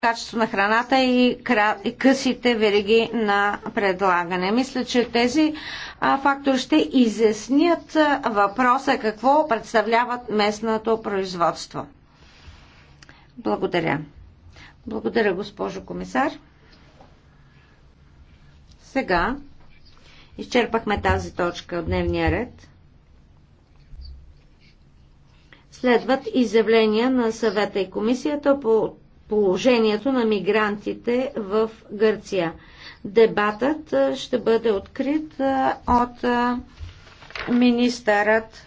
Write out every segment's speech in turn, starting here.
качество на храната и късите вериги на предлагане. Мисля, че тези фактори ще изяснят въпроса какво представляват местното производство. Благодаря. Благодаря, госпожо комисар. Сега изчерпахме тази точка от дневния ред. Следват изявления на съвета и комисията по положението на мигрантите в Гърция. Дебатът ще бъде открит от министърът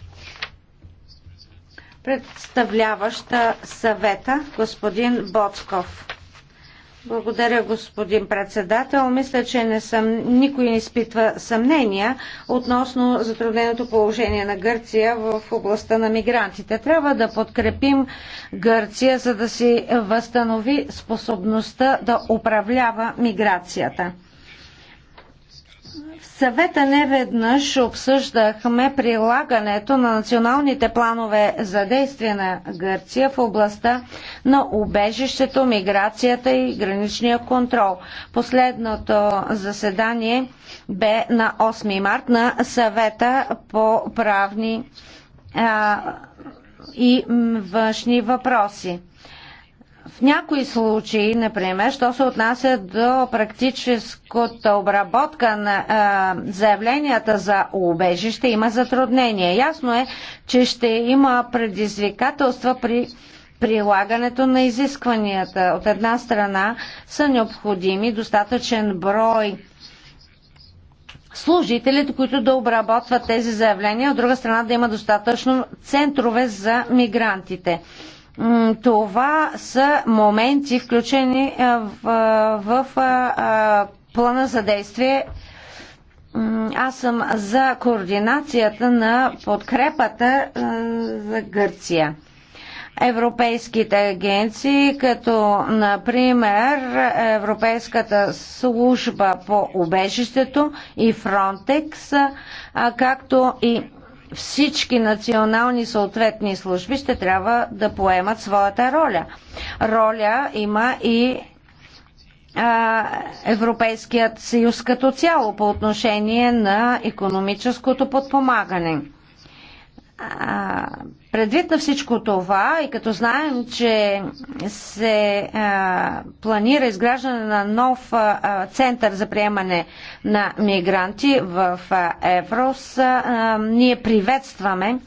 представляваща съвета господин Боцков. Благодаря, господин председател. Мисля, че не съм, никой не изпитва съмнения относно затрудненото положение на Гърция в областта на мигрантите. Трябва да подкрепим Гърция, за да си възстанови способността да управлява миграцията съвета не веднъж обсъждахме прилагането на националните планове за действие на Гърция в областта на убежището, миграцията и граничния контрол. Последното заседание бе на 8 март на съвета по правни а, и външни въпроси. В някои случаи, например, що се отнася до практическата обработка на а, заявленията за убежище, има затруднения. Ясно е, че ще има предизвикателства при прилагането на изискванията. От една страна са необходими достатъчен брой служителите, които да обработват тези заявления, от друга страна да има достатъчно центрове за мигрантите. Това са моменти, включени е, в, е, в, в е, плана за действие. Аз съм за координацията на подкрепата за Гърция европейските агенции, като например Европейската служба по убежището и Фронтекс, както и всички национални съответни служби ще трябва да поемат своята роля. Роля има и а, Европейският съюз като цяло по отношение на економическото подпомагане. А, Предвид на всичко това и като знаем, че се а, планира изграждане на нов а, център за приемане на мигранти в а, Еврос, а, ние приветстваме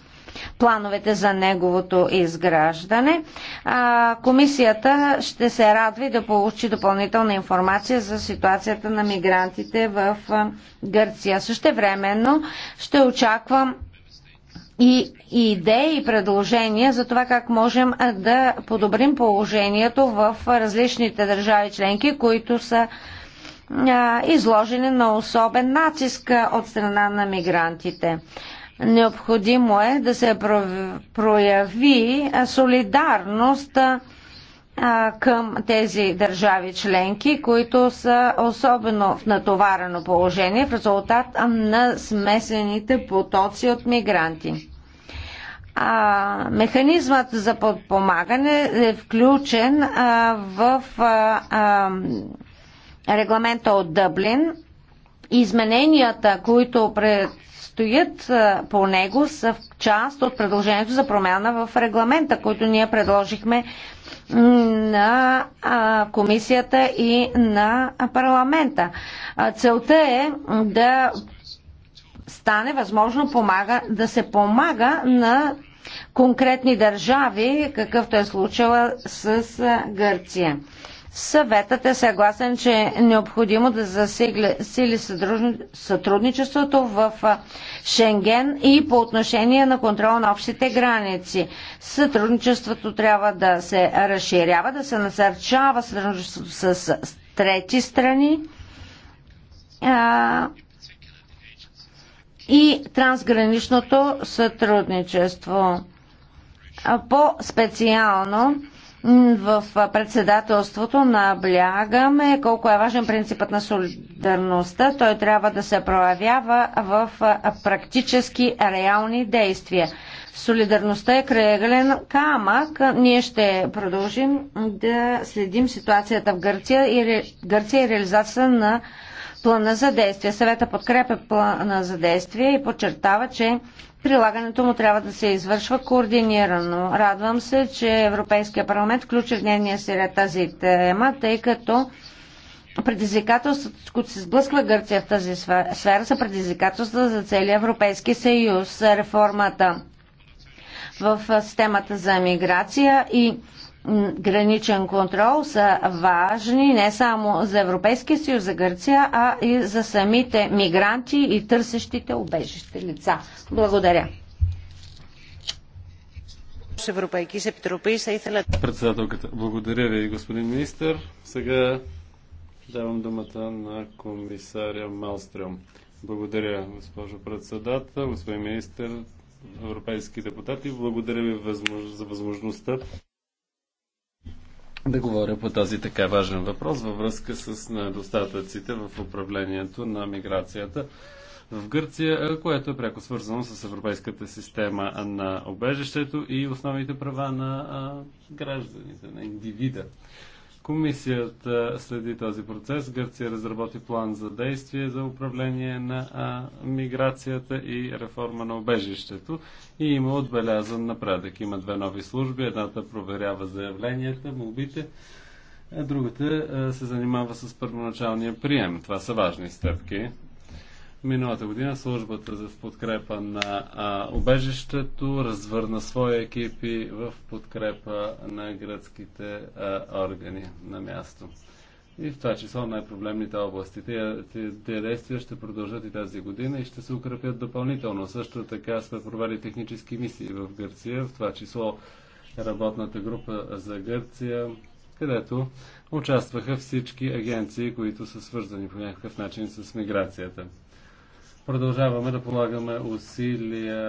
плановете за неговото изграждане. А, комисията ще се радва да получи допълнителна информация за ситуацията на мигрантите в а, Гърция. Същевременно ще очаквам и идеи и предложения за това как можем да подобрим положението в различните държави членки, които са изложени на особен натиск от страна на мигрантите. Необходимо е да се прояви солидарност към тези държави членки, които са особено в натоварено положение в резултат на смесените потоци от мигранти. А, механизмът за подпомагане е включен а, в а, а, регламента от Дъблин. Измененията, които предстоят а, по него, са част от предложението за промяна в регламента, който ние предложихме на комисията и на парламента. Целта е да стане възможно помага, да се помага на конкретни държави, какъвто е случила с Гърция. Съветът е съгласен, че е необходимо да засили сътрудничеството в Шенген и по отношение на контрол на общите граници. Сътрудничеството трябва да се разширява, да се насърчава сътрудничеството с трети страни и трансграничното сътрудничество. По-специално в председателството наблягаме колко е важен принципът на солидарността. Той трябва да се проявява в практически реални действия. Солидарността е кръглен камък. Ние ще продължим да следим ситуацията в Гърция и, Гърция и реализация на плана за действие. Съвета подкрепя плана за действие и подчертава, че прилагането му трябва да се извършва координирано. Радвам се, че Европейския парламент включи в дневния си ред тази тема, тъй като предизвикателствата, с които се сблъсква Гърция в тази сфера, са предизвикателства за целия Европейски съюз. Реформата в системата за миграция и граничен контрол са важни не само за Европейския съюз, за Гърция, а и за самите мигранти и търсещите обежище лица. Благодаря. Председателката, благодаря ви, господин министр. Сега давам думата на комисаря Малстрем. Благодаря, госпожо председател, господин министр, европейски депутати. Благодаря ви за възможността да говоря по този така важен въпрос във връзка с недостатъците в управлението на миграцията в Гърция, което е пряко свързано с европейската система на обежището и основните права на гражданите, на индивида. Комисията следи този процес. Гърция разработи план за действие за управление на а, миграцията и реформа на обежището и има отбелязан напредък. Има две нови служби. Едната проверява заявленията, молбите, а другата а, се занимава с първоначалния прием. Това са важни стъпки. Миналата година службата за подкрепа на а, обежището развърна свои екипи в подкрепа на гръцките а, органи на място. И в това число най-проблемните области. Тези действия ще продължат и тази година и ще се укрепят допълнително. Също така сме провели технически мисии в Гърция, в това число работната група за Гърция, където участваха всички агенции, които са свързани по някакъв начин с миграцията. Продължаваме да полагаме усилия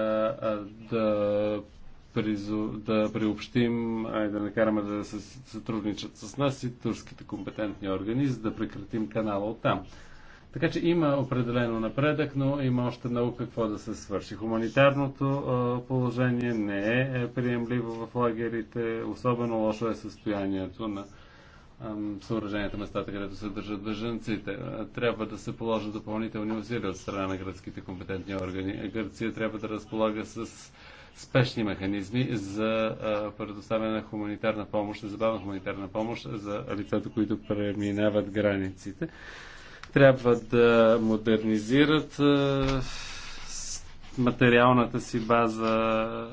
да, призу, да приобщим, а и да накараме да се сътрудничат с нас и турските компетентни органи, за да прекратим канала от там. Така че има определено напредък, но има още много какво да се свърши. Хуманитарното положение не е, е приемливо в лагерите, особено лошо е състоянието на съоръженията, местата, където се държат бежанците. Трябва да се положат допълнителни усилия от страна на гръцките компетентни органи. Гърция трябва да разполага с спешни механизми за предоставяне на хуманитарна помощ, забавна хуманитарна помощ за лицата, които преминават границите. Трябва да модернизират материалната си база,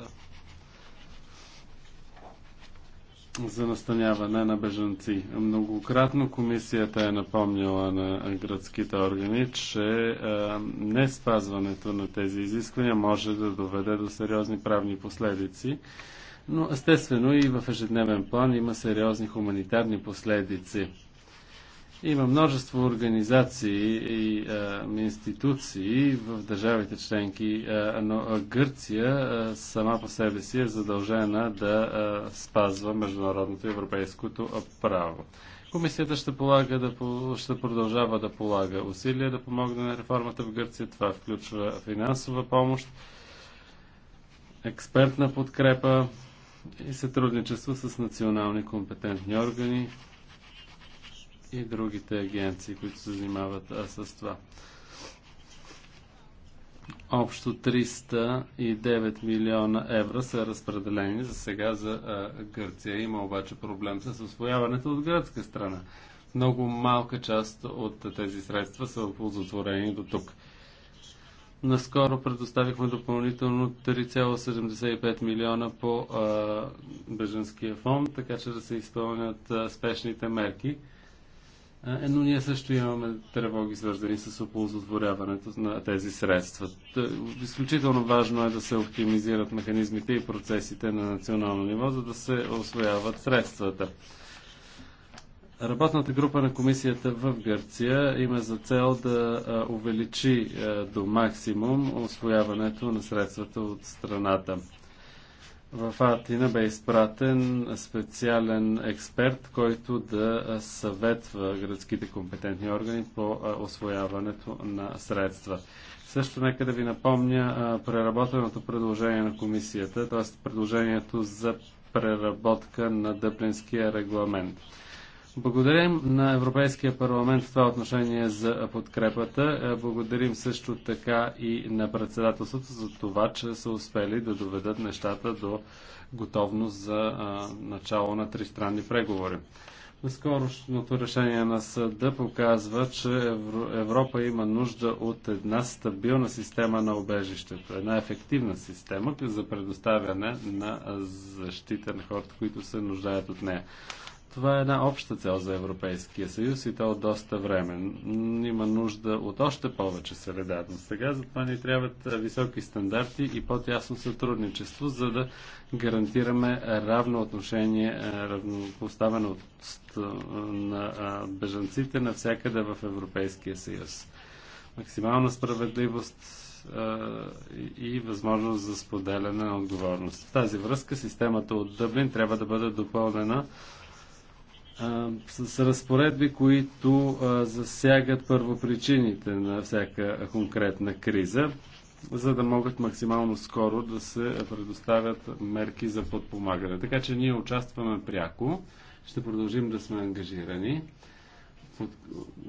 за настаняване на бежанци. Многократно комисията е напомнила на градските органи, че не спазването на тези изисквания може да доведе до сериозни правни последици, но естествено и в ежедневен план има сериозни хуманитарни последици има множество организации и а, институции в държавите членки, а, но а Гърция а, сама по себе си е задължена да а, спазва международното и европейското право. Комисията ще, полага да, ще продължава да полага усилия да помогне на реформата в Гърция. Това включва финансова помощ, експертна подкрепа и сътрудничество с национални компетентни органи, и другите агенции, които се занимават а, с това. Общо 309 милиона евро са разпределени за сега за а, Гърция. Има обаче проблем с освояването от гръцка страна. Много малка част от тези средства са оползотворени до тук. Наскоро предоставихме допълнително 3,75 милиона по а, беженския фонд, така че да се изпълнят а, спешните мерки. Е, но ние също имаме тревоги, свързани с оползотворяването на тези средства. Изключително важно е да се оптимизират механизмите и процесите на национално ниво, за да се освояват средствата. Работната група на комисията в Гърция има за цел да увеличи до максимум освояването на средствата от страната. В Атина бе изпратен специален експерт, който да съветва градските компетентни органи по освояването на средства. Също нека да ви напомня преработеното предложение на комисията, т.е. предложението за преработка на Дъблинския регламент. Благодарим на Европейския парламент в това отношение за подкрепата. Е, благодарим също така и на председателството за това, че са успели да доведат нещата до готовност за начало на тристранни преговори. Скорошното решение на съда показва, че Европа има нужда от една стабилна система на обежището, една ефективна система за предоставяне на защита на хората, които се нуждаят от нея. Това е една обща цел за Европейския съюз и то от доста време. Има нужда от още повече солидарност. Сега затова ни трябват високи стандарти и по-тясно сътрудничество, за да гарантираме равно отношение, равнопоставеност на бежанците навсякъде в Европейския съюз. Максимална справедливост и възможност за споделяне на отговорност. В тази връзка системата от Дъблин трябва да бъде допълнена с разпоредби, които засягат първопричините на всяка конкретна криза, за да могат максимално скоро да се предоставят мерки за подпомагане. Така че ние участваме пряко, ще продължим да сме ангажирани. Под,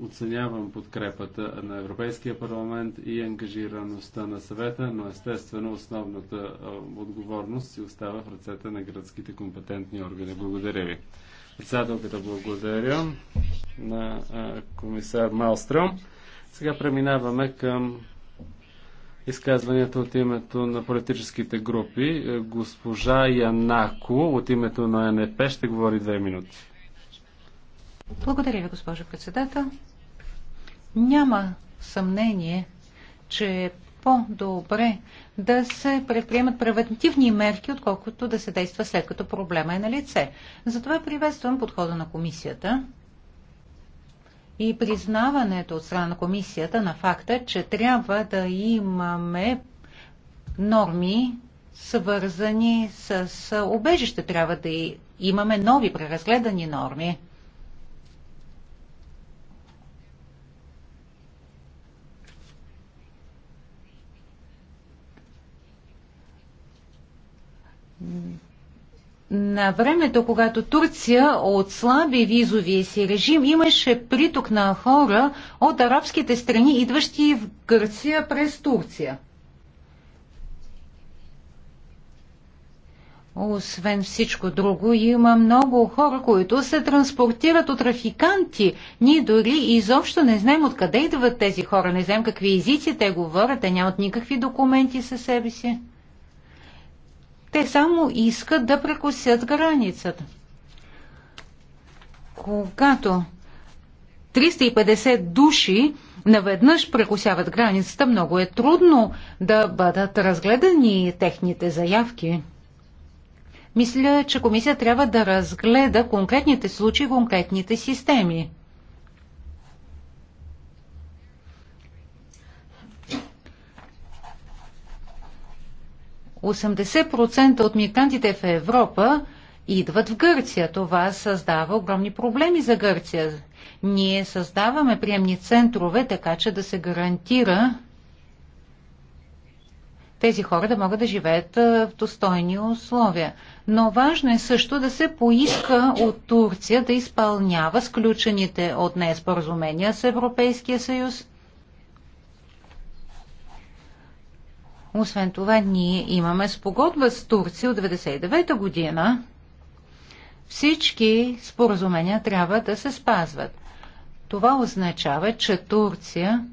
оценявам подкрепата на Европейския парламент и ангажираността на съвета, но естествено основната отговорност си остава в ръцете на градските компетентни органи. Благодаря ви да Благодаря на комисар Малстром. Сега преминаваме към изказванията от името на политическите групи. Е, госпожа Янако от името на НП ще говори две минути. Благодаря ви, госпожо председател. Няма съмнение, че по-добре да се предприемат превентивни мерки, отколкото да се действа след като проблема е на лице. Затова приветствам подхода на комисията и признаването от страна на комисията на факта, че трябва да имаме норми, свързани с убежище. Трябва да имаме нови преразгледани норми. на времето, когато Турция отслаби визовия си режим, имаше приток на хора от арабските страни, идващи в Гърция през Турция. Освен всичко друго, има много хора, които се транспортират от трафиканти. Ние дори изобщо не знаем откъде идват тези хора, не знаем какви езици те говорят, те нямат никакви документи със себе си. Те само искат да прекусят границата. Когато 350 души наведнъж прекусяват границата, много е трудно да бъдат разгледани техните заявки. Мисля, че комисия трябва да разгледа конкретните случаи, конкретните системи. 80% от мигрантите в Европа идват в Гърция. Това създава огромни проблеми за Гърция. Ние създаваме приемни центрове, така че да се гарантира тези хора да могат да живеят в достойни условия. Но важно е също да се поиска от Турция да изпълнява сключените от нея споразумения с Европейския съюз Освен това, ние имаме спогодба с Турция от 1999 година. Всички споразумения трябва да се спазват. Това означава, че Турция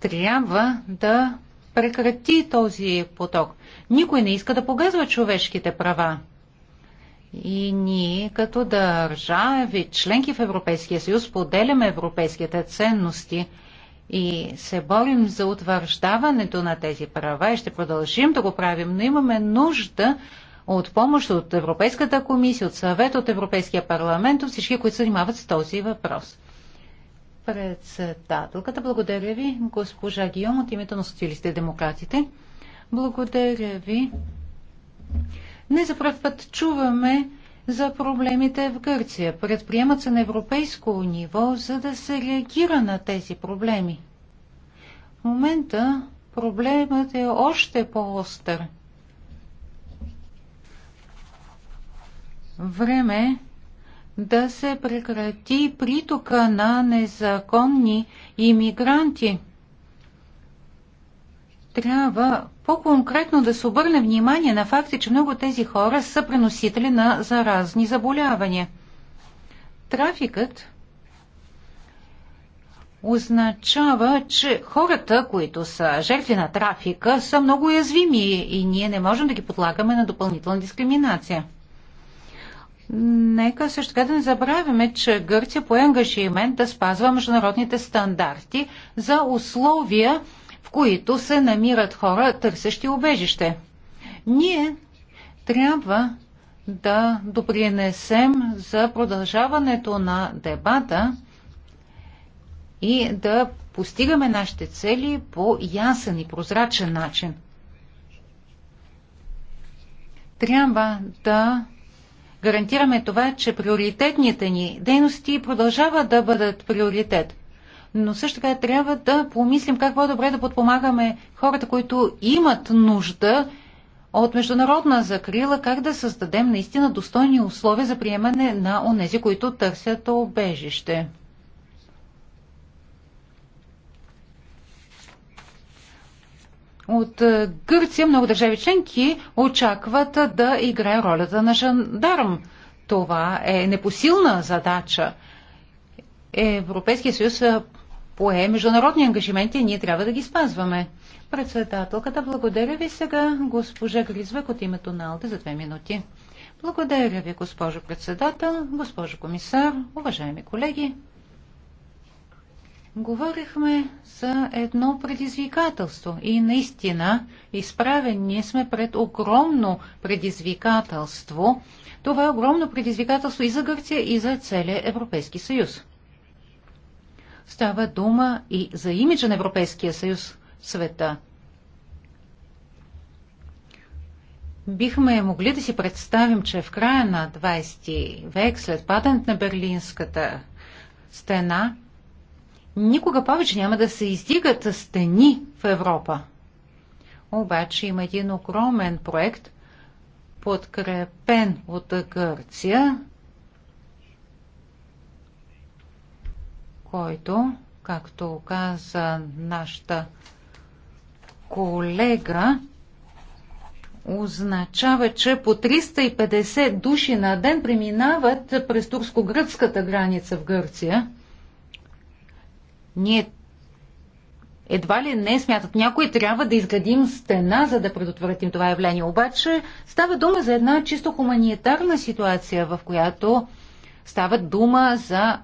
трябва да прекрати този поток. Никой не иска да погазва човешките права. И ние като държави, членки в Европейския съюз, поделяме европейските ценности – и се борим за утвърждаването на тези права и ще продължим да го правим, но имаме нужда от помощ от Европейската комисия, от съвет, от Европейския парламент, от всички, които се занимават с този въпрос. Председателката, благодаря ви, госпожа Гиом, от името на социалистите и демократите. Благодаря ви. Не за първ път чуваме за проблемите в Гърция. Предприемат се на европейско ниво, за да се реагира на тези проблеми. В момента проблемът е още по-остър. Време е да се прекрати притока на незаконни иммигранти – трябва по-конкретно да се обърне внимание на факта, че много тези хора са преносители на заразни заболявания. Трафикът означава, че хората, които са жертви на трафика, са много уязвими и ние не можем да ги подлагаме на допълнителна дискриминация. Нека също така да не забравяме, че Гърция по ангажимент да спазва международните стандарти за условия, които се намират хора, търсещи убежище. Ние трябва да допринесем за продължаването на дебата и да постигаме нашите цели по ясен и прозрачен начин. Трябва да гарантираме това, че приоритетните ни дейности продължават да бъдат приоритет – но също така трябва да помислим как по-добре да подпомагаме хората, които имат нужда от международна закрила, как да създадем наистина достойни условия за приемане на онези, които търсят обежище. От е, Гърция много държави членки очакват да играе ролята на жандарм. Това е непосилна задача. Европейския съюз пое международни ангажименти и ние трябва да ги спазваме. Председателката, благодаря ви сега, госпожа Гризвек от името на Алде за две минути. Благодаря ви, госпожо председател, госпожо комисар, уважаеми колеги. Говорихме за едно предизвикателство и наистина изправени сме пред огромно предизвикателство. Това е огромно предизвикателство и за Гърция, и за целия Европейски съюз. Става дума и за имиджа на Европейския съюз в света. Бихме могли да си представим, че в края на 20 век, след падането на Берлинската стена, никога повече няма да се издигат стени в Европа. Обаче има един огромен проект, подкрепен от Гърция, който, както каза нашата колега, означава, че по 350 души на ден преминават през турско-гръцката граница в Гърция. Ние едва ли не смятат някой трябва да изградим стена, за да предотвратим това явление. Обаче става дума за една чисто хуманитарна ситуация, в която става дума за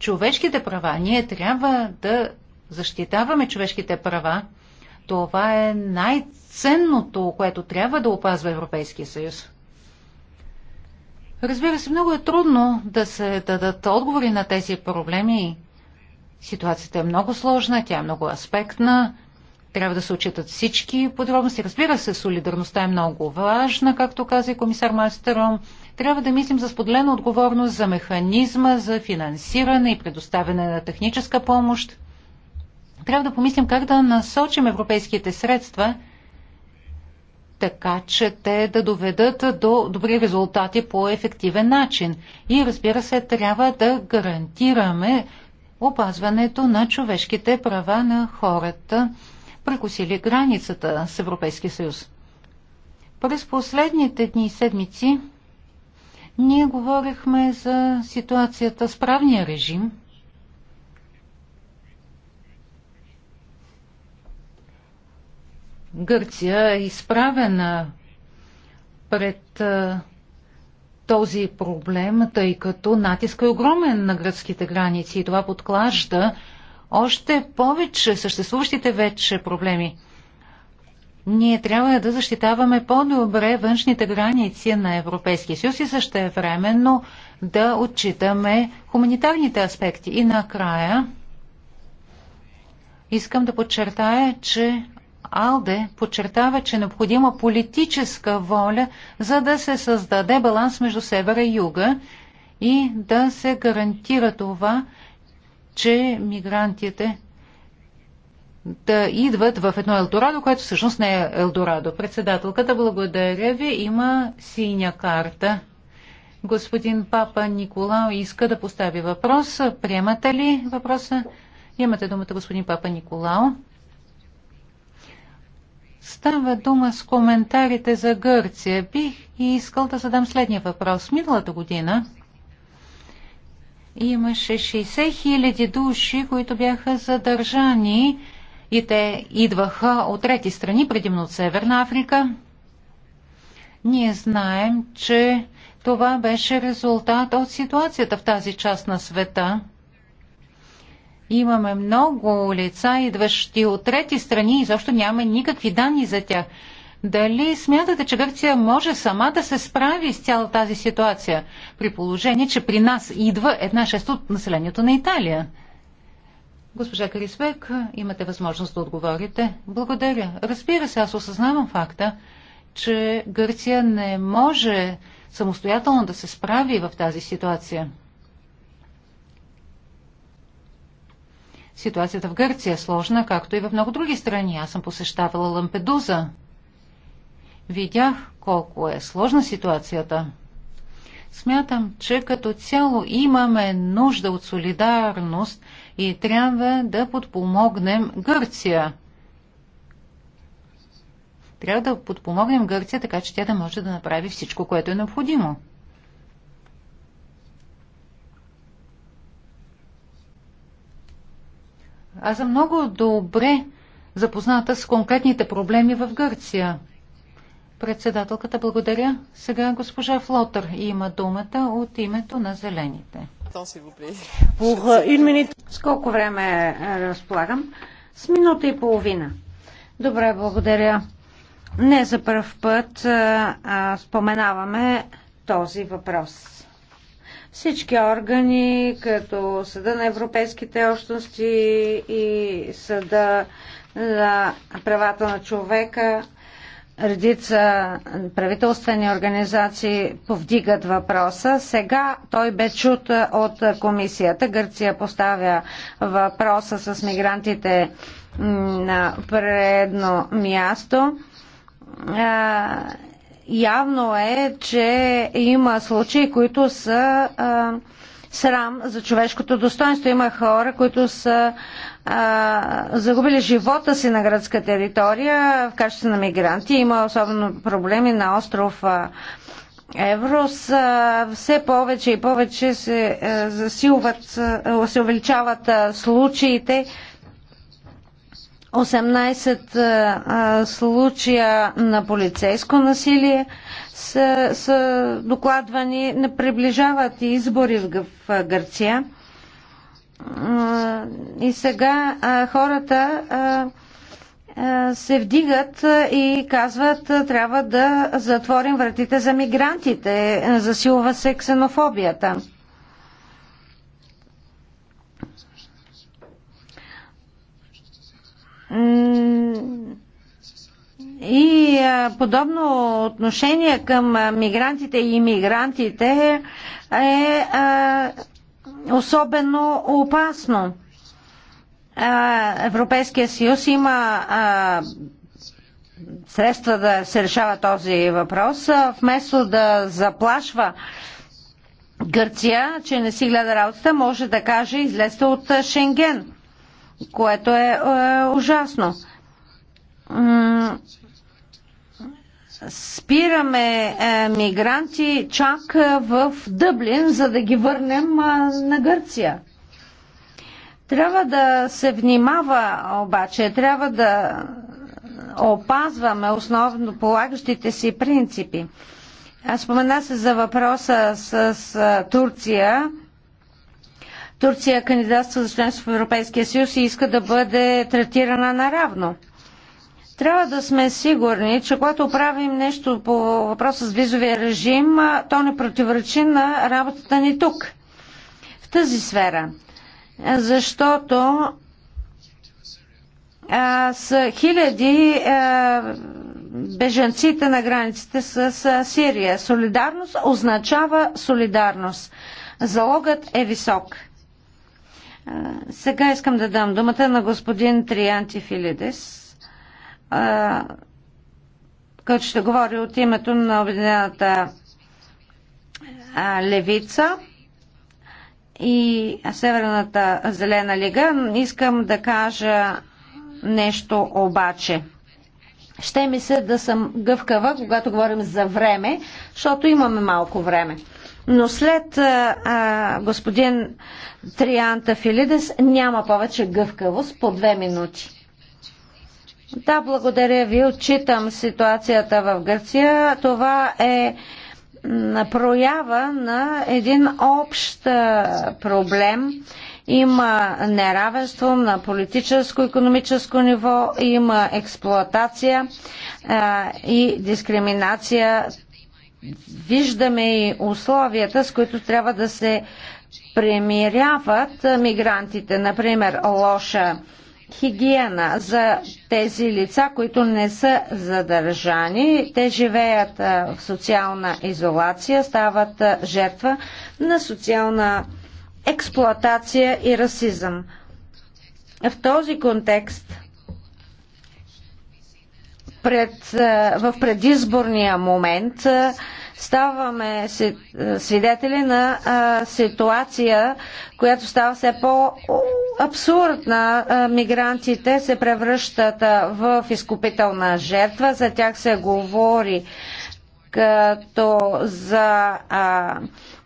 човешките права. Ние трябва да защитаваме човешките права. Това е най-ценното, което трябва да опазва Европейския съюз. Разбира се, много е трудно да се дадат отговори на тези проблеми. Ситуацията е много сложна, тя е много аспектна. Трябва да се отчитат всички подробности. Разбира се, солидарността е много важна, както каза и комисар Малстером. Трябва да мислим за споделена отговорност за механизма за финансиране и предоставяне на техническа помощ. Трябва да помислим как да насочим европейските средства така, че те да доведат до добри резултати по ефективен начин. И разбира се, трябва да гарантираме опазването на човешките права на хората, прекусили границата с Европейския съюз. През последните дни и седмици ние говорихме за ситуацията с правния режим. Гърция е изправена пред този проблем, тъй като натиск е огромен на гръцките граници и това подклажда още повече съществуващите вече проблеми. Ние трябва да защитаваме по-добре външните граници на Европейския съюз и също времено да отчитаме хуманитарните аспекти. И накрая искам да подчертая, че Алде подчертава, че е необходима политическа воля, за да се създаде баланс между севера и юга и да се гарантира това, че мигрантите да идват в едно Елдорадо, което всъщност не е Елдорадо. Председателката, благодаря ви. Има синя карта. Господин Папа Николао иска да постави въпрос. Приемате ли въпроса? Имате думата, господин Папа Николао. Става дума с коментарите за Гърция. Бих искал да задам следния въпрос. Миналата година имаше 60 000 души, които бяха задържани и те идваха от трети страни, предимно от Северна Африка. Ние знаем, че това беше резултат от ситуацията в тази част на света. Имаме много лица, идващи от трети страни и защо нямаме никакви данни за тях. Дали смятате, че Гърция може сама да се справи с цяла тази ситуация, при положение, че при нас идва една шест от населението на Италия? Госпожа Крисбек, имате възможност да отговорите. Благодаря. Разбира се, аз осъзнавам факта, че Гърция не може самостоятелно да се справи в тази ситуация. Ситуацията в Гърция е сложна, както и в много други страни. Аз съм посещавала Лампедуза. Видях колко е сложна ситуацията. Смятам, че като цяло имаме нужда от солидарност – и трябва да подпомогнем Гърция. Трябва да подпомогнем Гърция, така че тя да може да направи всичко, което е необходимо. Аз съм много добре запозната с конкретните проблеми в Гърция. Председателката благодаря. Сега госпожа Флотър има думата от името на зелените. Euh, Сколко време е, разполагам? С минута и половина. Добре, благодаря. Не за първ път е, а, споменаваме този въпрос. Всички органи, като Съда на Европейските общности и Съда на правата на човека, Редица правителствени организации повдигат въпроса. Сега той бе чут от комисията. Гърция поставя въпроса с мигрантите на предно място явно е, че има случаи, които са срам за човешкото достоинство. Има хора, които са загубили живота си на гръцка територия в качество на мигранти. Има особено проблеми на остров а, Еврос. А, все повече и повече се а, засилват, а, се увеличават а, случаите. 18 а, случая на полицейско насилие са, са докладвани, приближават и избори в Гърция. И сега хората се вдигат и казват, трябва да затворим вратите за мигрантите. Засилва се ксенофобията. И подобно отношение към мигрантите и иммигрантите е особено опасно. Европейския съюз има средства да се решава този въпрос, вместо да заплашва Гърция, че не си гледа работата, може да каже излезте от Шенген, което е, е ужасно спираме е, мигранти чак е, в Дъблин, за да ги върнем е, на Гърция. Трябва да се внимава обаче, трябва да опазваме основно полагащите си принципи. Аз Спомена се за въпроса с Турция. Турция кандидатства за членство в Европейския съюз и иска да бъде третирана наравно. Трябва да сме сигурни, че когато правим нещо по въпроса с визовия режим, то не противоречи на работата ни тук, в тази сфера. Защото а, с хиляди а, беженците на границите с, с Сирия. Солидарност означава солидарност. Залогът е висок. А, сега искам да дам думата на господин Трианти Филидес който ще говори от името на Обединената левица и Северната зелена лига. Искам да кажа нещо обаче. Ще ми се да съм гъвкава, когато говорим за време, защото имаме малко време. Но след а, а, господин Трианта Филидес няма повече гъвкавост по две минути. Да, благодаря ви. Отчитам ситуацията в Гърция. Това е проява на един общ проблем. Има неравенство на политическо-економическо ниво, има експлоатация а, и дискриминация. Виждаме и условията, с които трябва да се премиряват мигрантите. Например, лоша хигиена за тези лица, които не са задържани. Те живеят в социална изолация, стават жертва на социална експлоатация и расизъм. В този контекст пред, в предизборния момент Ставаме е, свидетели на е, ситуация, която става все по-абсурдна. Е, мигрантите се превръщат в изкупителна жертва. За тях се говори като за а,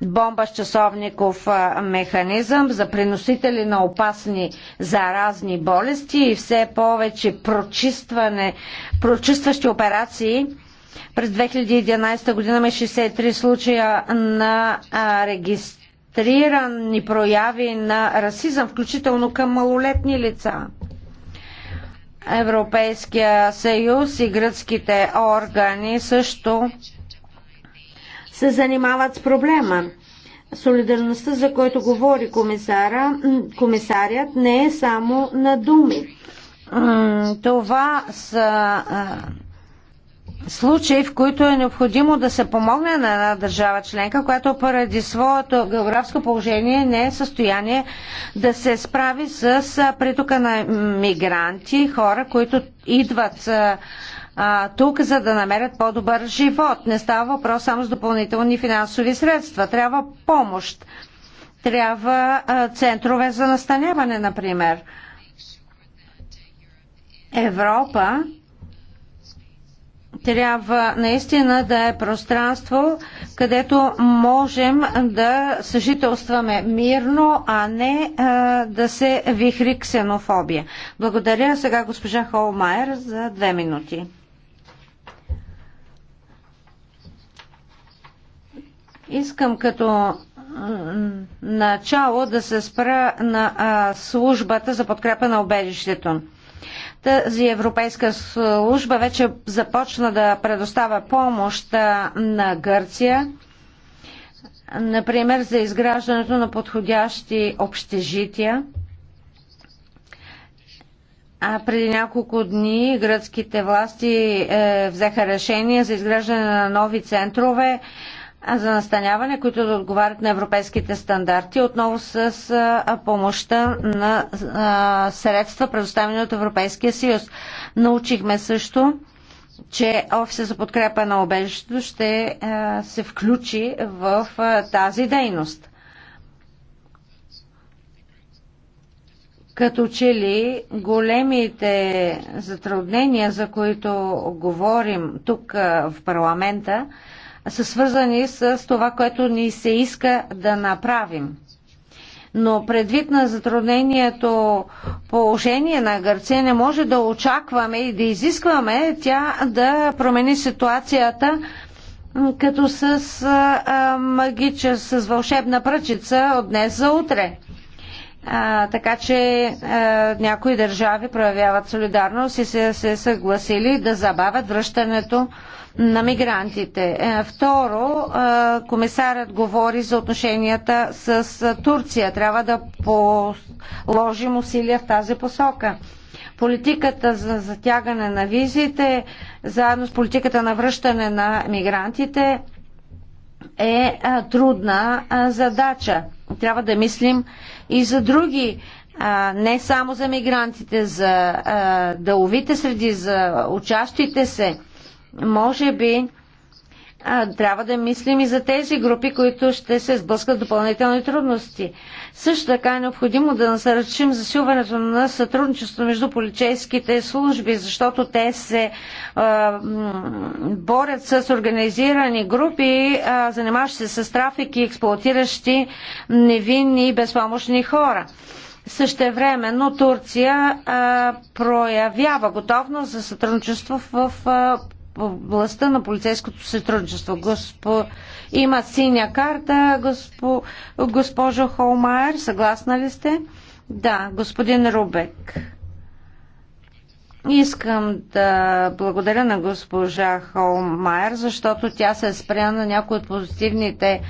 бомба с часовников а, механизъм, за приносители на опасни заразни болести и все повече прочистване, прочистващи операции през 2011 година има 63 случая на регистрирани прояви на расизъм, включително към малолетни лица. Европейския съюз и гръцките органи също се занимават с проблема. Солидарността, за който говори комисара, комисарят, не е само на думи. Това са случаи, в които е необходимо да се помогне на една държава членка, която поради своето географско положение не е в състояние да се справи с притока на мигранти, хора, които идват а, тук, за да намерят по-добър живот. Не става въпрос само с допълнителни финансови средства. Трябва помощ. Трябва а, центрове за настаняване, например. Европа трябва наистина да е пространство, където можем да съжителстваме мирно, а не а, е, да се вихри ксенофобия. Благодаря сега госпожа Холмайер за две минути. Искам като начало да се спра на а, службата за подкрепа на обежището. Тази европейска служба вече започна да предоставя помощ на Гърция, например за изграждането на подходящи общежития. А преди няколко дни гръцките власти е, взеха решение за изграждане на нови центрове за настаняване, които да отговарят на европейските стандарти, отново с помощта на средства, предоставени от Европейския съюз. Научихме също, че офиса за подкрепа на обежището ще се включи в тази дейност. Като че ли големите затруднения, за които говорим тук в парламента, са свързани с това, което ни се иска да направим. Но предвид на затруднението положение на Гърция, не може да очакваме и да изискваме тя да промени ситуацията като с, а, магича, с вълшебна пръчица от днес за утре. А, така че а, някои държави проявяват солидарност и се, се съгласили да забавят връщането на мигрантите. А, е, второ, а, говори за отношенията с а, Турция. Трябва да положим усилия в тази посока политиката за затягане на визите, заедно с политиката на връщане на мигрантите е трудна задача. Трябва да мислим и за други, а, не само за мигрантите, за а, дъловите среди, за учащите се. Може би а, трябва да мислим и за тези групи, които ще се сблъскат допълнителни трудности. Също така е необходимо да насърчим засилването на сътрудничество между полицейските служби, защото те се а, борят с организирани групи, а, занимаващи се с трафик и експлуатиращи невинни и безпомощни хора. но Турция а, проявява готовност за сътрудничество в а, областта на полицейското сътрудничество. Госпо... Има синя карта, госпо... госпожо Холмайер. Съгласна ли сте? Да, господин Рубек. Искам да благодаря на госпожа Холмайер, защото тя се спря на някои от позитивните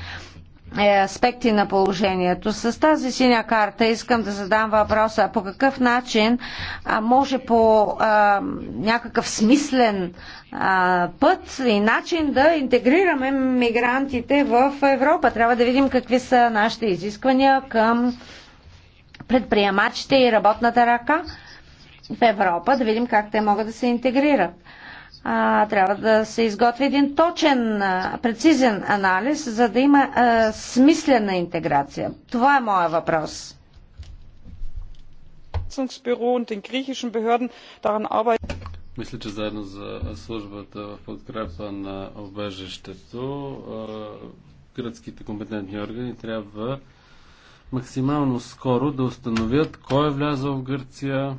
е, аспекти на положението. С тази синя карта искам да задам въпроса по какъв начин може по а, някакъв смислен а, път и начин да интегрираме мигрантите в Европа. Трябва да видим какви са нашите изисквания към предприемачите и работната ръка в Европа, да видим как те могат да се интегрират а, трябва да се изготви един точен, а, прецизен анализ, за да има а, смислена интеграция. Това е моят въпрос. Мисля, че заедно за службата в подкрепа на обежището гръцките компетентни органи трябва максимално скоро да установят кой е влязъл в Гърция,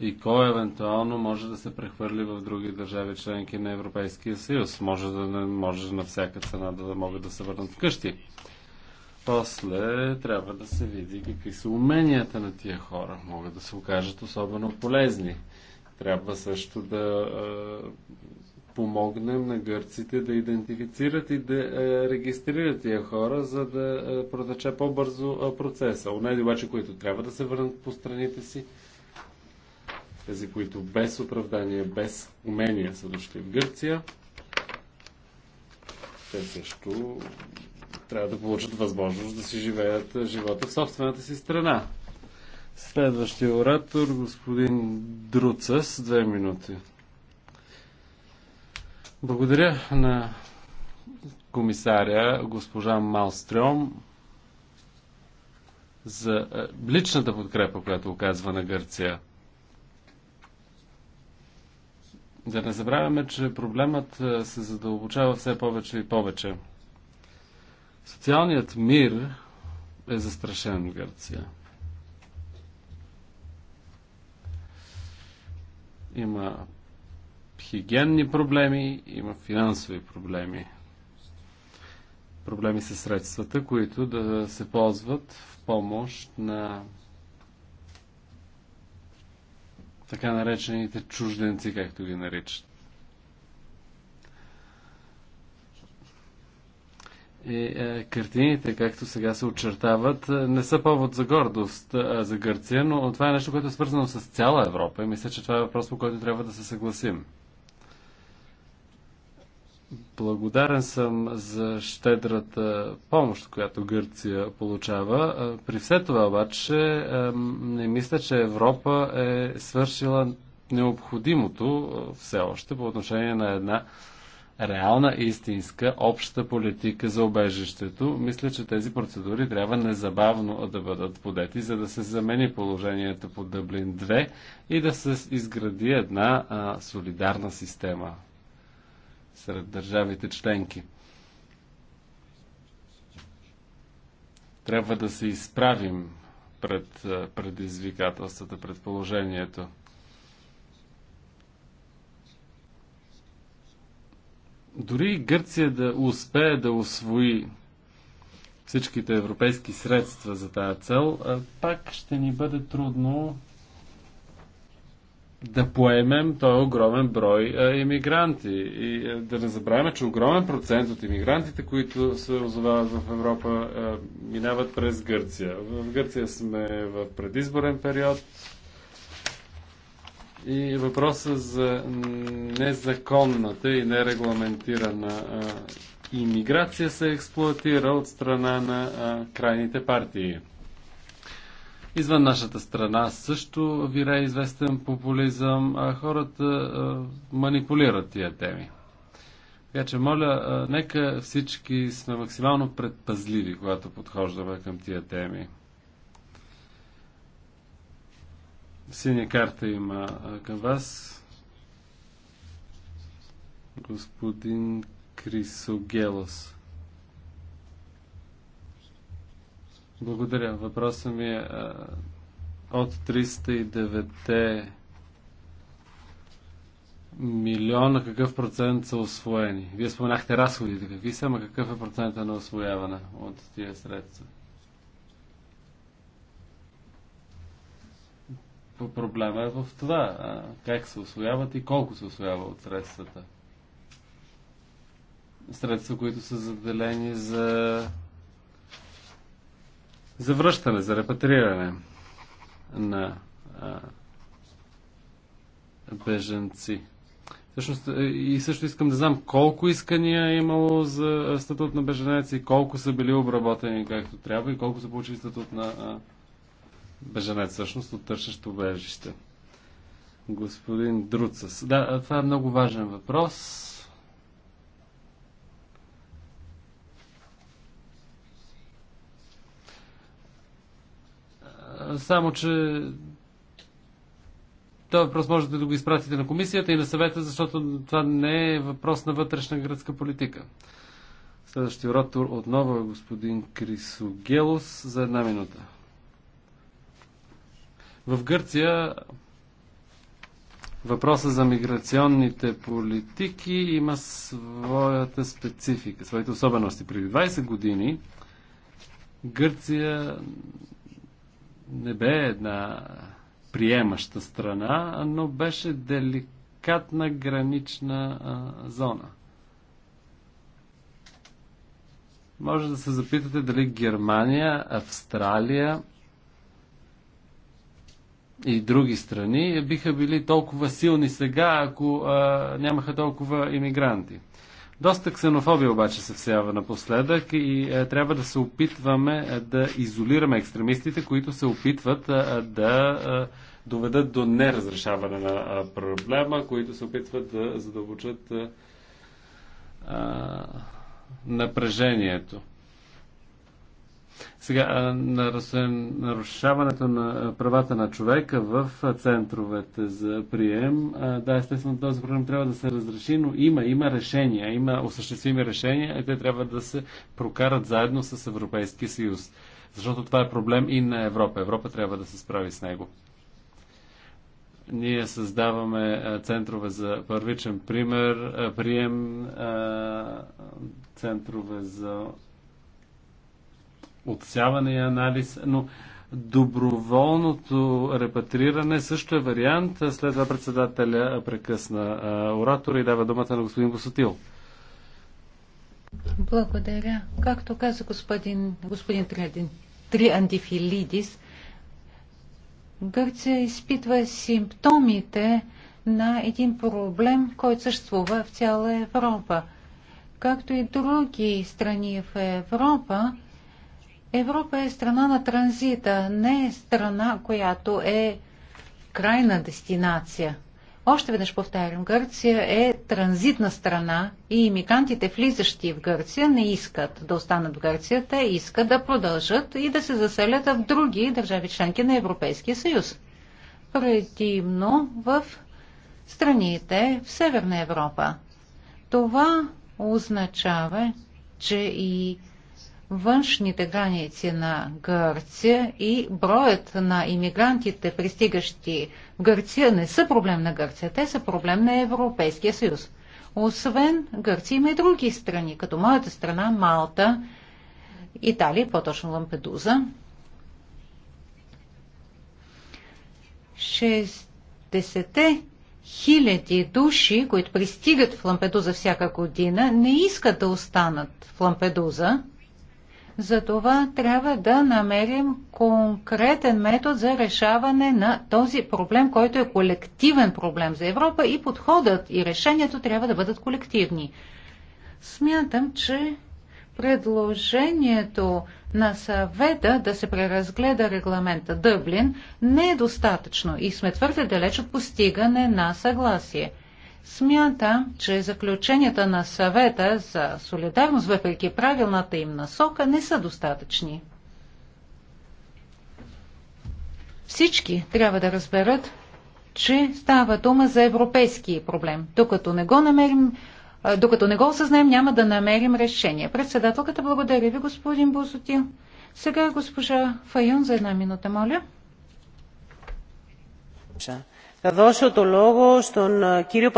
и кой евентуално може да се прехвърли в други държави членки на Европейския съюз. Може да не може на всяка цена да, да могат да се върнат вкъщи. После трябва да се види какви са уменията на тия хора. Могат да се окажат особено полезни. Трябва също да е, помогнем на гърците да идентифицират и да е, регистрират тия хора, за да е, протече по-бързо е, процеса. Онези обаче, които трябва да се върнат по страните си, тези, които без оправдание, без умения са дошли в Гърция, те също трябва да получат възможност да си живеят живота в собствената си страна. Следващия оратор, господин Друцас, две минути. Благодаря на комисаря госпожа Малстрем, за е, личната подкрепа, която оказва на Гърция. Да не забравяме, че проблемът е, се задълбочава все повече и повече. Социалният мир е застрашен в Гърция. Има хигиенни проблеми, има финансови проблеми. Проблеми с средствата, които да се ползват в помощ на така наречените чужденци, както ги наричат. И е, картините, както сега се очертават, е, не са повод за гордост а, е, за Гърция, но това е нещо, което е свързано с цяла Европа и мисля, че това е въпрос, по който трябва да се съгласим. Благодарен съм за щедрата помощ, която Гърция получава. При все това обаче не мисля, че Европа е свършила необходимото все още по отношение на една реална, истинска, обща политика за обежището. Мисля, че тези процедури трябва незабавно да бъдат подети, за да се замени положението по Дъблин 2 и да се изгради една солидарна система сред държавите членки. Трябва да се изправим пред предизвикателствата, пред положението. Дори Гърция да успее да освои всичките европейски средства за тази цел, пак ще ни бъде трудно да поемем този огромен брой а, иммигранти. И а, да не забравяме, че огромен процент от иммигрантите, които се озовават в Европа, а, минават през Гърция. В Гърция сме в предизборен период. И въпросът за незаконната и нерегламентирана а, иммиграция се експлуатира от страна на а, крайните партии. Извън нашата страна също вирее известен популизъм, а хората а, манипулират тия теми. Така че, моля, а, нека всички сме максимално предпазливи, когато подхождаме към тия теми. Синя карта има към вас. Господин Крисогелос. Благодаря. Въпросът ми е от 309 милиона какъв процент са освоени? Вие споменахте разходите. Какви са, ма какъв е процента на освояване от тия средства? Проблема е в това. как се освояват и колко се освоява от средствата? Средства, които са заделени за за връщане, за репатриране на а, беженци. Всъщност, е, и също искам да знам колко искания е имало за статут на беженец и колко са били обработени както трябва и колко са получили статут на а, беженец, всъщност, от търсещо бежище. Господин Друцас. Да, това е много важен въпрос. Само, че този въпрос можете да го изпратите на комисията и на съвета, защото това не е въпрос на вътрешна гръцка политика. Следващия оратор отново е господин Крисогелос за една минута. В Гърция въпроса за миграционните политики има своята специфика, своите особености. Преди 20 години Гърция не бе една приемаща страна, но беше деликатна гранична а, зона. Може да се запитате дали Германия, Австралия и други страни биха били толкова силни сега, ако а, нямаха толкова иммигранти. Доста ксенофобия обаче се всява напоследък и е, трябва да се опитваме е, да изолираме екстремистите, които се опитват е, е да е, доведат до неразрешаване на е, проблема, които се опитват да задълбочат е, е, напрежението. Сега, нарушаването на правата на човека в центровете за прием, да, естествено този проблем трябва да се разреши, но има, има решения, има осъществими решения и те трябва да се прокарат заедно с Европейския съюз. Защото това е проблем и на Европа. Европа трябва да се справи с него ние създаваме центрове за първичен пример, прием, центрове за отсяване и анализ, но доброволното репатриране също е вариант. След това председателя прекъсна оратора и дава думата на господин Босотил. Благодаря. Както каза господин, господин три Триандифилидис, Гърция изпитва симптомите на един проблем, който съществува в цяла Европа. Както и други страни в Европа, Европа е страна на транзита, не е страна, която е крайна дестинация. Още веднъж повтарям, Гърция е транзитна страна и иммигрантите, влизащи в Гърция, не искат да останат в Гърция, те искат да продължат и да се заселят в други държави членки на Европейския съюз. Предимно в страните в Северна Европа. Това означава, че и външните граници на Гърция и броят на иммигрантите, пристигащи в Гърция, не са проблем на Гърция, те са проблем на Европейския съюз. Освен Гърция има и други страни, като моята страна Малта, Италия, по-точно Лампедуза. 60 хиляди души, които пристигат в Лампедуза всяка година, не искат да останат в Лампедуза. Затова трябва да намерим конкретен метод за решаване на този проблем, който е колективен проблем за Европа и подходът и решението трябва да бъдат колективни. Смятам, че предложението на съвета да се преразгледа регламента Дъблин не е достатъчно и сме твърде далеч от постигане на съгласие – Смятам, че заключенията на съвета за солидарност, въпреки правилната им насока, не са достатъчни. Всички трябва да разберат, че става дума за европейски проблем. Докато не го намерим, докато не го осъзнаем, няма да намерим решение. Председателката, благодаря ви, господин Бузотил. Сега госпожа Файон за една минута, моля κυρία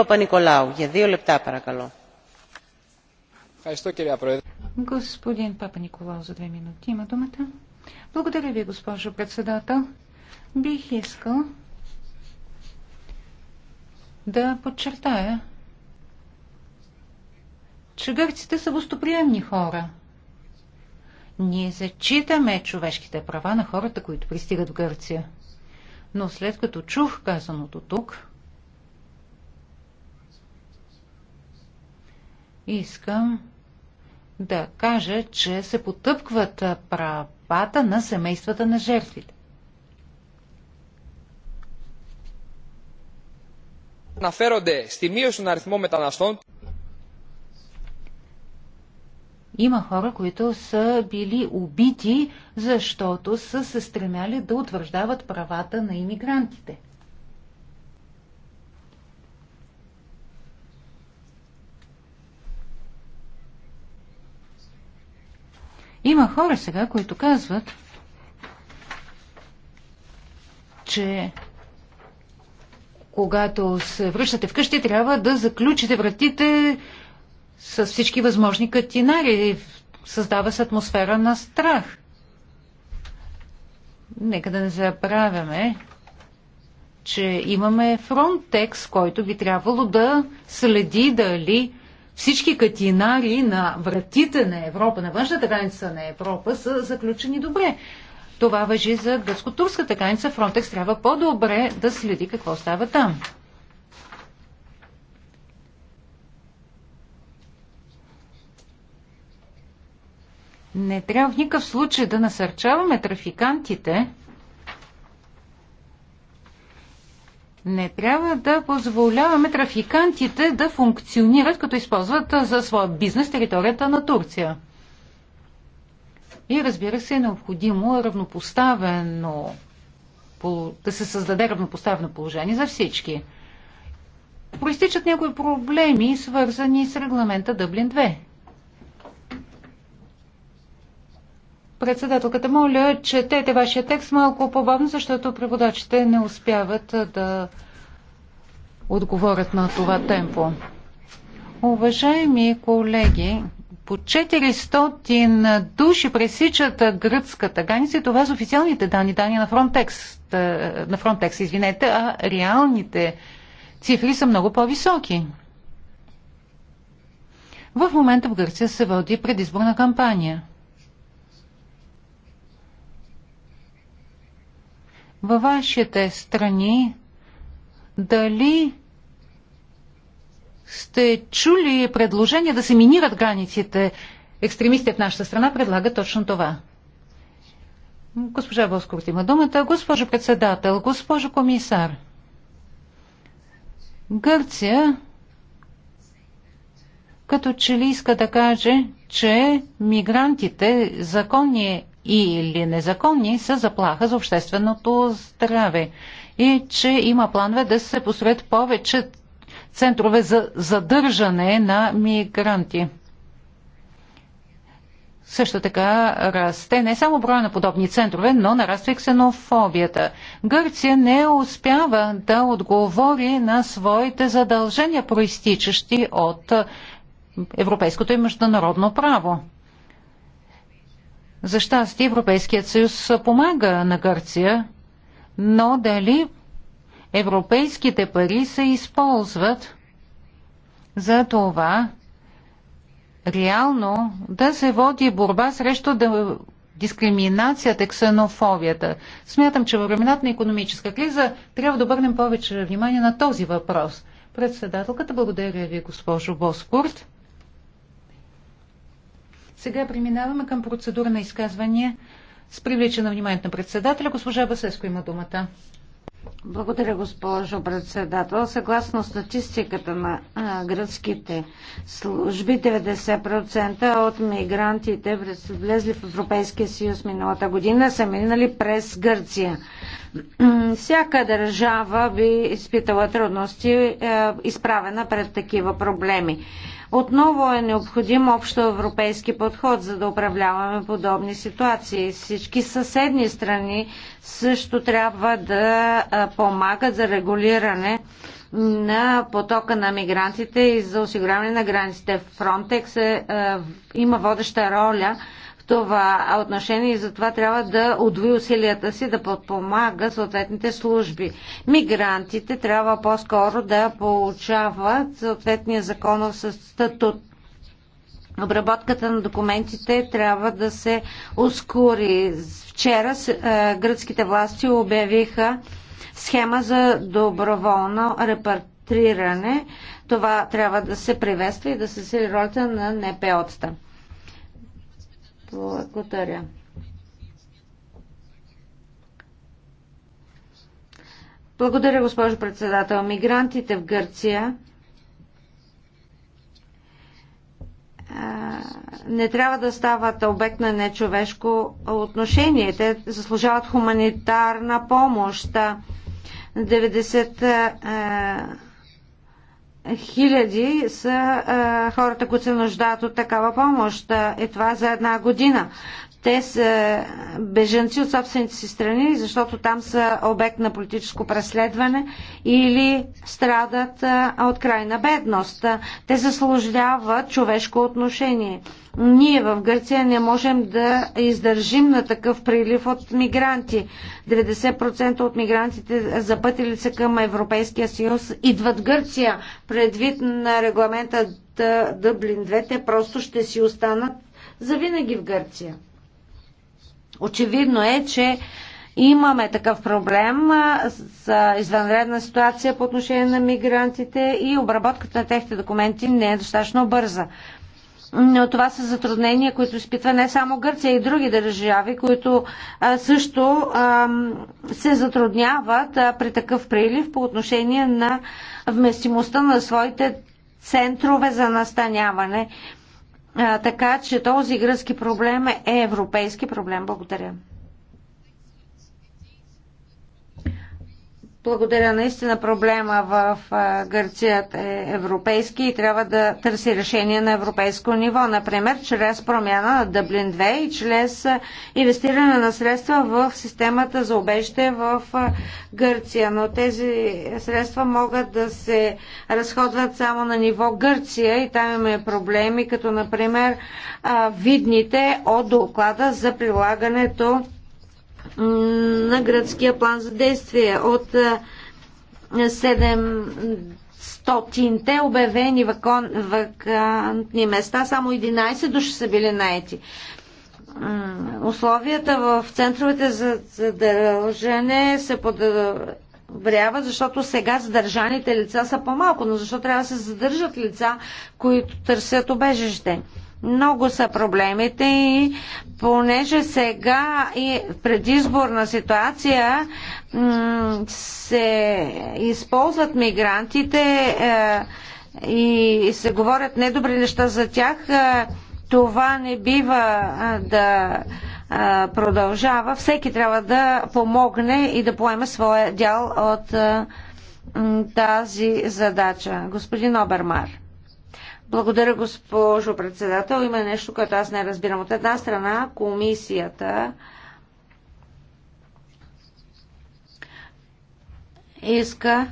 Господин Папа-Николао за две минути има думата. Благодаря ви, госпожо председател. Бих искал да подчертая, че гърците са гостоприемни хора. Ние зачитаме човешките права на хората, които пристигат в Гърция. Но след като чух казаното тук, искам да кажа, че се потъпкват правата на семействата на жертвите. Αναφέρονται στη μείωση των αριθμών μεταναστών има хора, които са били убити, защото са се стремяли да утвърждават правата на иммигрантите. Има хора сега, които казват, че когато се връщате вкъщи, трябва да заключите вратите с всички възможни катинари. Създава се атмосфера на страх. Нека да не забравяме, че имаме Frontex, който би трябвало да следи дали всички катинари на вратите на Европа, на външната граница на Европа са заключени добре. Това въжи за гръцко-турската граница. Фронтекс трябва по-добре да следи какво става там. Не трябва в никакъв случай да насърчаваме трафикантите. Не трябва да позволяваме трафикантите да функционират, като използват за своя бизнес територията на Турция. И разбира се, е необходимо равнопоставено да се създаде равнопоставено положение за всички. Проистичат някои проблеми, свързани с регламента Дъблин 2. Председателката, моля, четете вашия текст малко по-бавно, защото преводачите не успяват да отговорят на това темпо. Уважаеми колеги, по 400 души пресичат гръцката граница и това с официалните данни, данни на Frontex, е, на Frontex извинете, а реалните цифри са много по-високи. В момента в Гърция се води предизборна кампания – във вашите страни, дали сте чули предложение да се минират границите? Екстремистите в нашата страна предлагат точно това. Госпожа Боскорт има думата. Госпожо председател, госпожо комисар, Гърция като че ли иска да каже, че мигрантите, законни или незаконни са заплаха за общественото здраве и че има планове да се построят повече центрове за задържане на мигранти. Също така расте не само броя на подобни центрове, но нараства и ксенофобията. Гърция не успява да отговори на своите задължения, проистичащи от европейското и международно право. За щастие Европейският съюз помага на Гърция, но дали европейските пари се използват за това реално да се води борба срещу дискриминацията ксенофобията. Смятам, че във времената на економическа криза трябва да обърнем повече внимание на този въпрос. Председателката, благодаря ви, госпожо Боскурт. Сега преминаваме към процедура на изказвания с привлечена на вниманието на председателя. Госпожа Басеско има думата. Благодаря, госпожо председател. Съгласно статистиката на а, гръцките служби, 90% от мигрантите влезли в Европейския съюз миналата година са минали през Гърция. Всяка държава би изпитала трудности, е, изправена пред такива проблеми. Отново е необходим общо европейски подход, за да управляваме подобни ситуации. Всички съседни страни също трябва да помагат за регулиране на потока на мигрантите и за осигуряване на границите. Фронтекс е, е, има водеща роля това отношение и затова трябва да удвои усилията си да подпомага съответните служби. Мигрантите трябва по-скоро да получават съответния законов статут. Обработката на документите трябва да се ускори. Вчера е, гръцките власти обявиха схема за доброволно репартриране. Това трябва да се приветства и да се сели ролята на НПО-тата. Благодаря. Благодаря, госпожо председател. Мигрантите в Гърция не трябва да стават обект на нечовешко отношение. Те заслужават хуманитарна помощ. 90 хиляди са а, хората, които се нуждаят от такава помощ. Е това за една година те са беженци от собствените си страни, защото там са обект на политическо преследване или страдат от крайна бедност. Те заслужават човешко отношение. Ние в Гърция не можем да издържим на такъв прилив от мигранти. 90% от мигрантите запътили се към Европейския съюз идват Гърция. Предвид на регламента Дъблин 2, те просто ще си останат завинаги в Гърция. Очевидно е, че имаме такъв проблем с извънредна ситуация по отношение на мигрантите и обработката на техните документи не е достатъчно бърза. Но това са затруднения, които изпитва не само Гърция и други държави, които а, също а, се затрудняват а, при такъв прилив по отношение на вместимостта на своите центрове за настаняване така че този гръцки проблем е европейски проблем. Благодаря. Благодаря. Наистина проблема в Гърция е европейски и трябва да търси решение на европейско ниво. Например, чрез промяна на Дъблин 2 и чрез инвестиране на средства в системата за обеще в Гърция. Но тези средства могат да се разходват само на ниво Гърция и там имаме проблеми, като например видните от доклада за прилагането на градския план за действие от 700-те обявени вакантни места, само 11 души са били наети. Условията в центровете за задържане се подобряват, защото сега задържаните лица са по-малко, но защо трябва да се задържат лица, които търсят обежище? Много са проблемите и понеже сега и предизборна ситуация се използват мигрантите е, и се говорят недобри неща за тях, е, това не бива е, да продължава. Всеки трябва да помогне и да поеме своя дял от тази задача. Господин Обермар. Благодаря, госпожо председател. Има нещо, което аз не разбирам. От една страна, комисията иска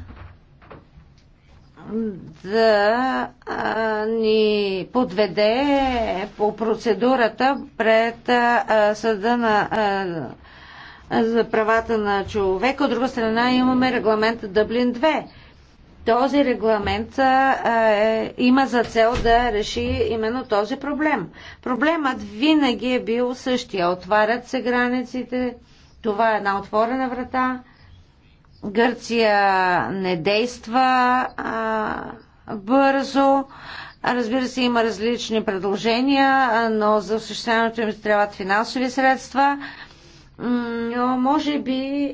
да а, ни подведе по процедурата пред а, съда на а, за правата на човека. От друга страна имаме регламент Дъблин 2 този регламент е, има за цел да реши именно този проблем. Проблемът винаги е бил същия. Отварят се границите, това е една отворена врата. Гърция не действа а, бързо. Разбира се, има различни предложения, но за осъществяването им трябват финансови средства. Но може би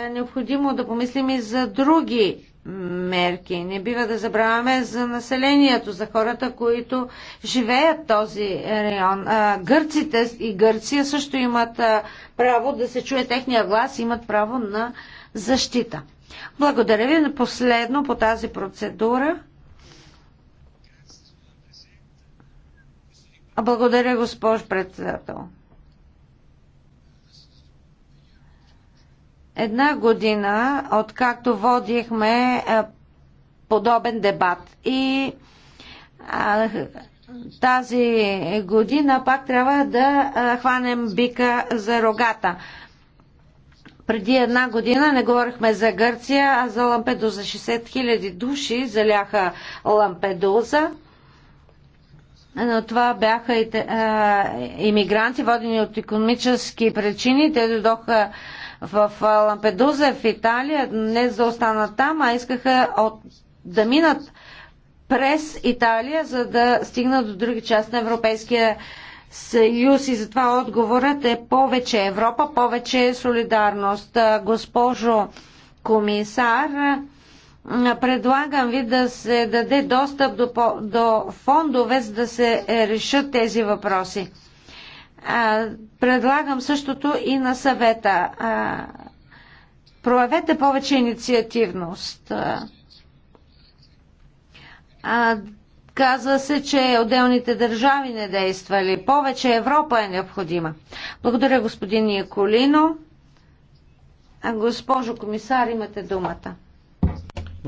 е необходимо да помислим и за други мерки. Не бива да забравяме за населението, за хората, които живеят този район. Гърците и Гърция също имат право да се чуе техния глас, имат право на защита. Благодаря ви. Последно по тази процедура. Благодаря, госпожо председател. една година, откакто водихме е, подобен дебат. И а, тази година пак трябва да е, хванем бика за рогата. Преди една година не говорихме за Гърция, а за Лампедуза. 60 хиляди души заляха Лампедуза. Но това бяха и, а, иммигранти, водени от економически причини. Те дойдоха в Лампедуза, в Италия, не за останат там, а искаха от, да минат през Италия, за да стигнат до други части на Европейския съюз и затова отговорът е повече Европа, повече солидарност. Госпожо комисар, предлагам ви да се даде достъп до, до фондове, за да се решат тези въпроси предлагам същото и на съвета. проявете повече инициативност. а Казва се, че отделните държави не действали. Повече Европа е необходима. Благодаря, господин а Госпожо комисар, имате думата.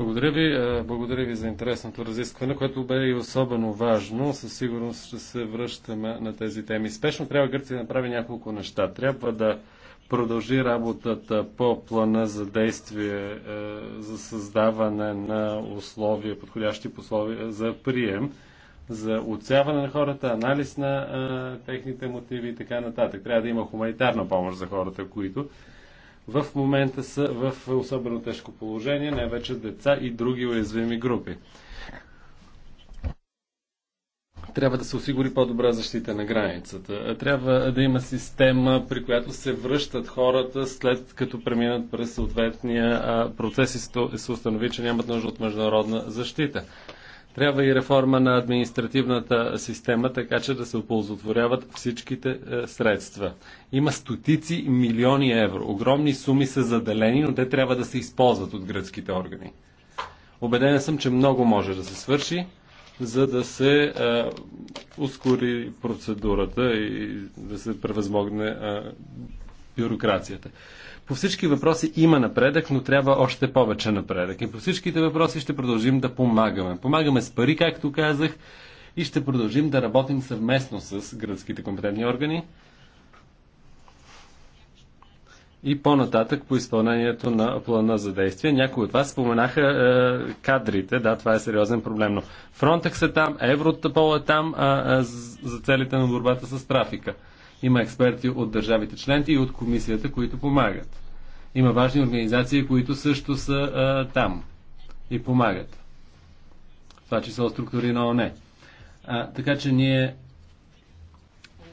Благодаря ви. Благодаря ви за интересното разискване, което бе и особено важно. Със сигурност ще се връщаме на тези теми. Спешно трябва Гърция да направи няколко неща. Трябва да продължи работата по плана за действие е, за създаване на условия, подходящи условия за прием, за отсяване на хората, анализ на е, техните мотиви и така нататък. Трябва да има хуманитарна помощ за хората, които в момента са в особено тежко положение, най-вече деца и други уязвими групи. Трябва да се осигури по-добра защита на границата. Трябва да има система, при която се връщат хората след като преминат през съответния процес и се установи, че нямат нужда от международна защита. Трябва и реформа на административната система, така че да се оползотворяват всичките е, средства. Има стотици милиони евро. Огромни суми са заделени, но те трябва да се използват от гръцките органи. Обеден съм, че много може да се свърши, за да се е, ускори процедурата и да се превъзмогне е, бюрокрацията. По всички въпроси има напредък, но трябва още повече напредък. И по всичките въпроси ще продължим да помагаме. Помагаме с пари, както казах, и ще продължим да работим съвместно с гръцките компетентни органи и по-нататък по изпълнението на плана за действие. Някои от вас споменаха е, кадрите. Да, това е сериозен проблем. Но Фронтекс е там, Евротопол е там а, а, за целите на борбата с трафика. Има експерти от държавите членки и от комисията, които помагат. Има важни организации, които също са а, там и помагат. Това са структури на ОНЕ. А, така че ние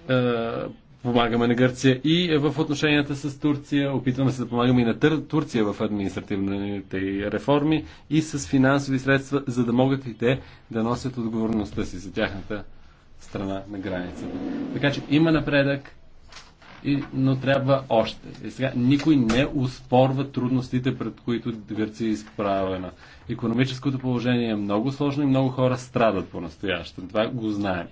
а, помагаме на Гърция и в отношенията с Турция. Опитваме се да помагаме и на Тър... Турция в административните реформи и с финансови средства, за да могат и те да носят отговорността си за тяхната страна на границата. Така че има напредък, и, но трябва още. И сега никой не успорва трудностите, пред които Гърция е изправена. Економическото положение е много сложно и много хора страдат по-настоящем. Това го знаем.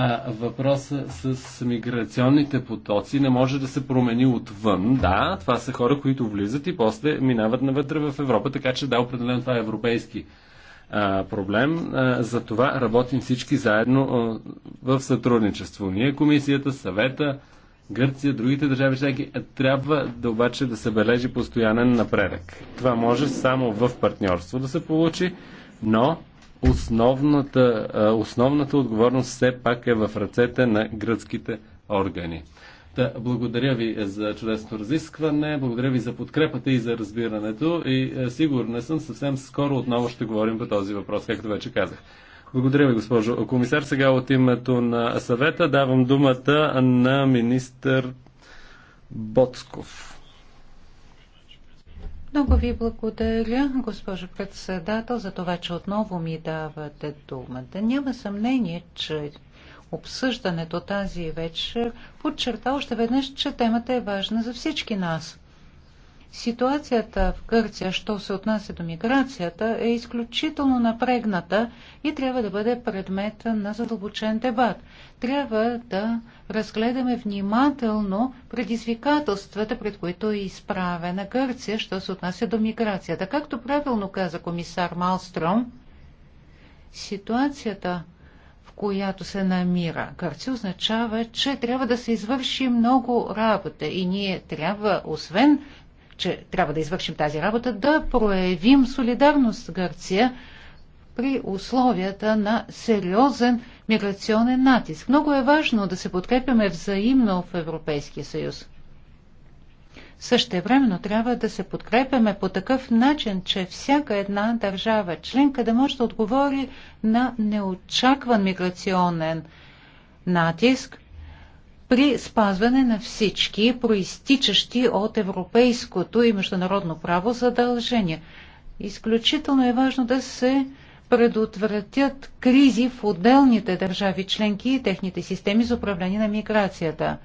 а, въпроса с миграционните потоци не може да се промени отвън. Да, това са хора, които влизат и после минават навътре в Европа, така че да, определено това е европейски а, проблем. А, за това работим всички заедно а, в сътрудничество. Ние, комисията, съвета, Гърция, другите държави всеки е, трябва да обаче да се бележи постоянен напредък. Това може само в партньорство да се получи, но основната, основната отговорност все пак е в ръцете на гръцките органи. Да, благодаря ви за чудесно разискване, благодаря ви за подкрепата и за разбирането и е, сигурна съм, съвсем скоро отново ще говорим по този въпрос, както вече казах. Благодаря ви, госпожо комисар. Сега от името на съвета давам думата на министър Боцков. Много ви благодаря, госпожо председател, за това, че отново ми давате думата. Няма съмнение, че обсъждането тази вечер подчерта още веднъж, че темата е важна за всички нас. Ситуацията в Гърция, що се отнася до миграцията, е изключително напрегната и трябва да бъде предмет на задълбочен дебат. Трябва да разгледаме внимателно предизвикателствата, пред които е изправена Гърция, що се отнася до миграцията. Както правилно каза комисар Малстром, ситуацията която се намира Гърция, означава, че трябва да се извърши много работа и ние трябва, освен че трябва да извършим тази работа, да проявим солидарност с Гърция при условията на сериозен миграционен натиск. Много е важно да се подкрепяме взаимно в Европейския съюз. Същевременно трябва да се подкрепяме по такъв начин, че всяка една държава членка да може да отговори на неочакван миграционен натиск при спазване на всички проистичащи от европейското и международно право задължения. Изключително е важно да се предотвратят кризи в отделните държави членки и техните системи за управление на миграцията.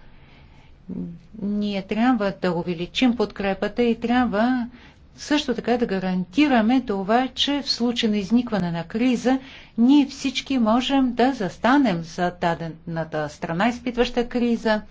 Ние трябва да увеличим подкрепата и трябва също така да гарантираме това, че в случай на изникване на криза, ние всички можем да застанем за дадената страна, изпитваща криза.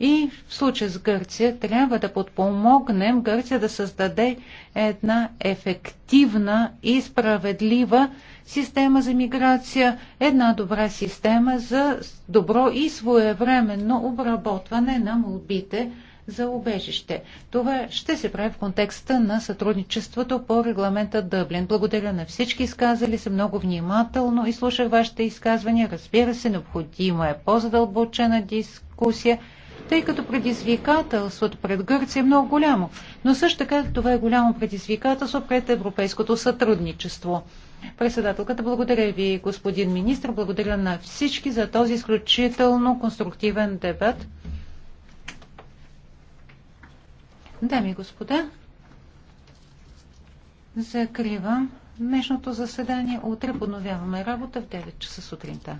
И в случай с Гърция трябва да подпомогнем Гърция да създаде една ефективна и справедлива система за миграция, една добра система за добро и своевременно обработване на молбите за убежище. Това ще се прави в контекста на сътрудничеството по регламента Дъблин. Благодаря на всички изказали се много внимателно и слушах вашите изказвания. Разбира се, необходима е по-задълбочена дискусия, тъй като предизвикателството пред Гърция е много голямо. Но също така това е голямо предизвикателство пред европейското сътрудничество. Председателката, благодаря ви, господин министр, благодаря на всички за този изключително конструктивен дебат. Дами и господа, закривам днешното заседание. Утре подновяваме работа в 9 часа сутринта.